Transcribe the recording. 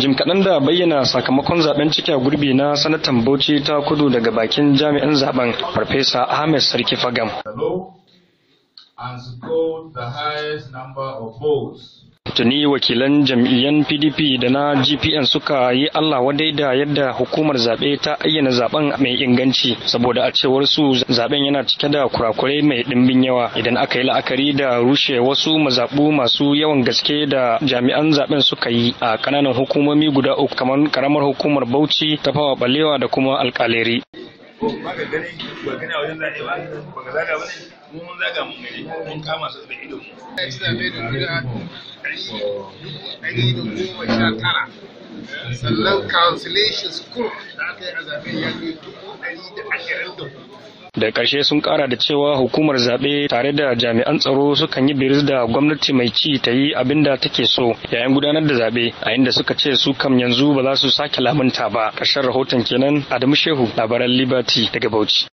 Jim kaɗan da bayyana sakamakon zaben a gurbi na sanatan Bauchi ta kudu daga bakin jami'an zaben Farfesa Ahmed Sarki Fagam. And the of votes tuni wakilan jam'iyyan pdp da na gpn suka yi allah wadai da yadda hukumar zaɓe ta ayyana zaben mai inganci saboda a cewar su zaben yana cike da kurakurai mai ɗimbin yawa idan aka yi la'akari da rushe wasu mazaɓu masu yawan gaske da jami'an zaben suka yi a ƙananan hukumomi guda uku kamar karamar hukumar bauchi ta fawa balewa da kuma alƙaleri mun zaga mun gani mun kama su da ido mu da ƙarshe sun ƙara da cewa hukumar zaɓe tare da jami'an tsaro sukan yi biris da gwamnati mai ci ta yi abin da take so yayin gudanar da zaɓe a inda suka ce su kam yanzu ba za su sake lamunta ba ƙarshen rahoton kenan adamu shehu labaran liberty daga bauchi